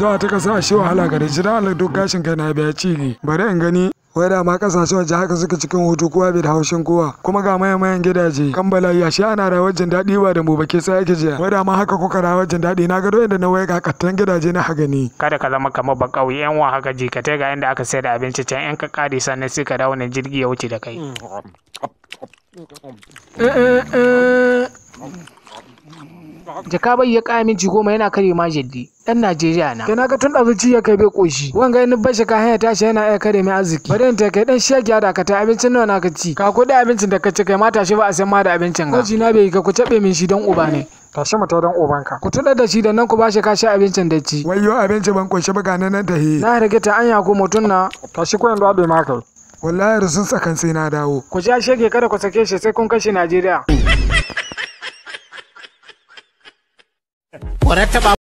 taka ta shi wahala ga shi da Allah duk gashin kai na biya ci ne bari in gani wai da ma kasashe waje haka suka cikin hutu kowa bai da haushin kowa kuma ga mayan mayan gidaje kan bala'i shi ana rawar jin daɗi ba da mu sai ake jiya wai da ma haka kuka rawar jin daɗi na gado inda na waya kakattan gidaje na haga ne. kada ka zama kamar ba ƙauye yan wa haka jikatai ga inda aka sayar da abinci can yan ka ƙare sannan sai ka dawo na jirgi ya wuce da kai mm. eh eh eh jaka bai ya kaya minti goma yana kare ma jaddi dan Najeriya na kana ga tun azuci ya kai bai koshi wanga in bashi ka hanya tashi yana iya kare mai arziki bari ta kai dan shegiya da ka ta abincin nawa na ka ci ka kuɗi abincin da ka ci kai ma tashi ba a san ma da abincin ga na bai ka ku taɓe min shi dan uba ne tashi mu don ubanka ku tuɗa da shi da nan ku ba shi kashi abincin da ci wayyo abinci ban kunshi ba ga nan da he na rage ta anya ko mutun na tashi ko yanzu abe ma kai wallahi rusun tsakan sai na dawo ku ja shege kada ku sake shi sai kun kashe Najeriya और একটা